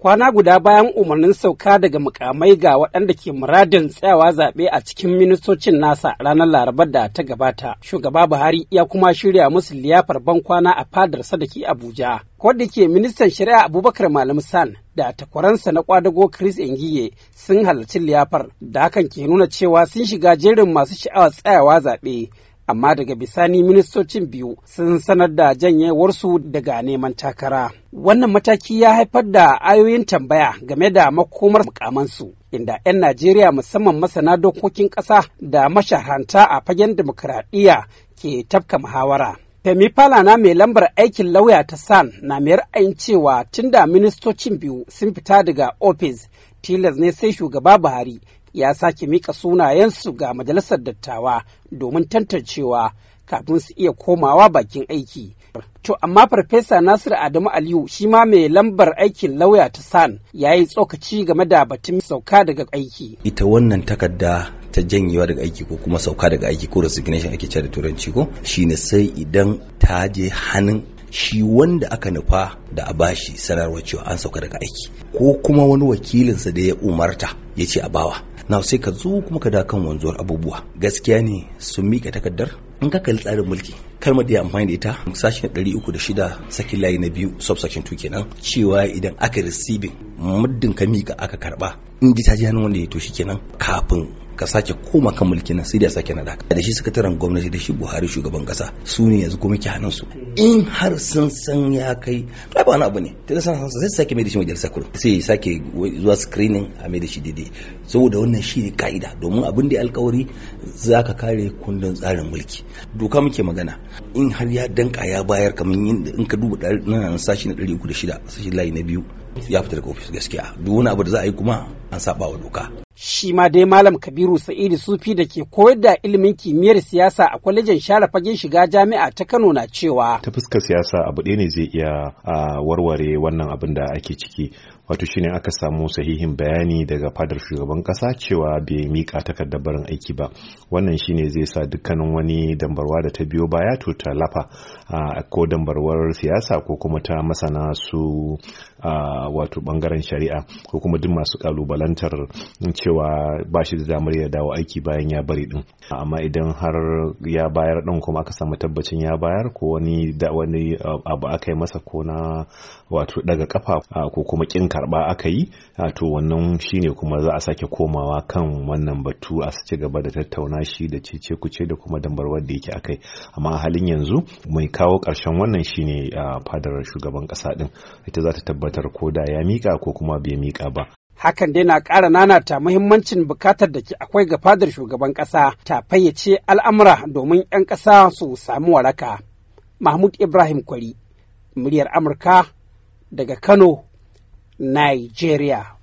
kwana guda bayan umarnin sauka daga mukamai ga waɗanda ke muradin tsayawa zaɓe a cikin ministocin nasa ranar larabar da ta gabata shugaba buhari ya kuma shirya musu liyafar ban kwana a fadar Sadaki abuja wadda ke ministan shari'a abubakar malam san da takwaransa na kwadago chris engiye sun halarci liyafar da hakan ke nuna cewa sun shiga jerin masu sha'awar tsayawa zaɓe amma daga bisani ministocin biyu sun sanar da janyewarsu daga neman takara. Wannan mataki ya haifar da ayoyin tambaya game da makomar mukamansu. Inda 'yan Najeriya musamman masana dokokin ƙasa da mashahanta a fagen demokuraɗiyya ke tafka muhawara. Femi Falana mai lambar aikin lauya ta San na mai ra'ayin cewa tunda ministocin biyu sun fita daga ofis tilas ne sai shugaba Buhari ya sake mika sunayensu ga majalisar dattawa domin tantancewa kafin su iya komawa bakin aiki. To amma Farfesa Nasiru Adamu Aliyu shi ma mai lambar aikin lauya ta San ya yi tsokaci game da batun sauka daga aiki. Ita wannan takarda ta janyewa daga aiki ko kuma sauka daga aiki ko resignation ake cire da turanci ko shine sai idan ta je hannun shi wanda aka nufa da a bashi sanarwar cewa an sauka daga aiki ko kuma wani wakilinsa da ya umarta ya ce a bawa na sai ka zo kuma ka da kan wanzuwar abubuwa gaskiya ne sun miƙa takardar in ka kalli tsarin mulki kalmar da ya amfani da ita sashen 306 sakin layi na biyu subsection 2 kenan cewa idan aka receiving muddin ka mika aka karba in ji ta ji hannun wanda ya to kenan kafin ka sake koma kan mulki na sai da sake na daka da shi sakataren gwamnati da shi Buhari shugaban kasa su ne yanzu kuma ke hannun su in har sun san ya kai to ba wani abu ne to san san sai sake mai da shi majalisa kuro sai sake zuwa screening a mai da shi daidai saboda wannan shi ne ka'ida domin abin da alkawari za ka kare kundin tsarin mulki doka muke magana in har ya danka ya bayar kamar in ka duba nan sashi na 306 sashi layi na biyu ya fita daga ofis gaskiya duk wani abu da za a yi kuma an saba wa doka. Shi ma dai Malam Kabiru Sa'idu Sufi da ke koyar da ilimin kimiyyar siyasa a kwalejin share fagen shiga jami'a ta Kano na cewa. Ta fuskar siyasa abu ɗaya ne zai iya warware wannan abin da ake ciki. Wato shine aka samu sahihin bayani daga fadar shugaban ƙasa cewa bai miƙa takardar barin aiki ba. Wannan shine zai sa dukkanin wani dambarwa da ta biyo baya to ta lafa ko dambarwar siyasa ko kuma ta masana su wato bangaren shari'a ko kuma duk masu ƙalubale lantar cewa ba shi da damar ya dawo aiki bayan ya bari din amma idan har ya bayar din kuma aka samu tabbacin ya bayar ko wani da wani uh, abu aka yi masa ko na wato daga kafa uh, ko kuma kin karba aka yi uh, to wannan shine kuma za a sake komawa kan wannan batu a ci gaba da tattauna shi da cece kuce da kuma dambarwar da yake akai amma halin yanzu mai kawo karshen wannan shine fadar shugaban kasa din ita za ta tabbatar ko da ya mika ko kuma bai mika ba hakan dai na ƙara nanata muhimmancin bukatar da ke akwai ga fadar shugaban ƙasa ta fayyace al'amura domin 'yan ƙasa su samu waraka. Mahmud Ibrahim Kwari, muryar Amurka daga Kano, Nigeria.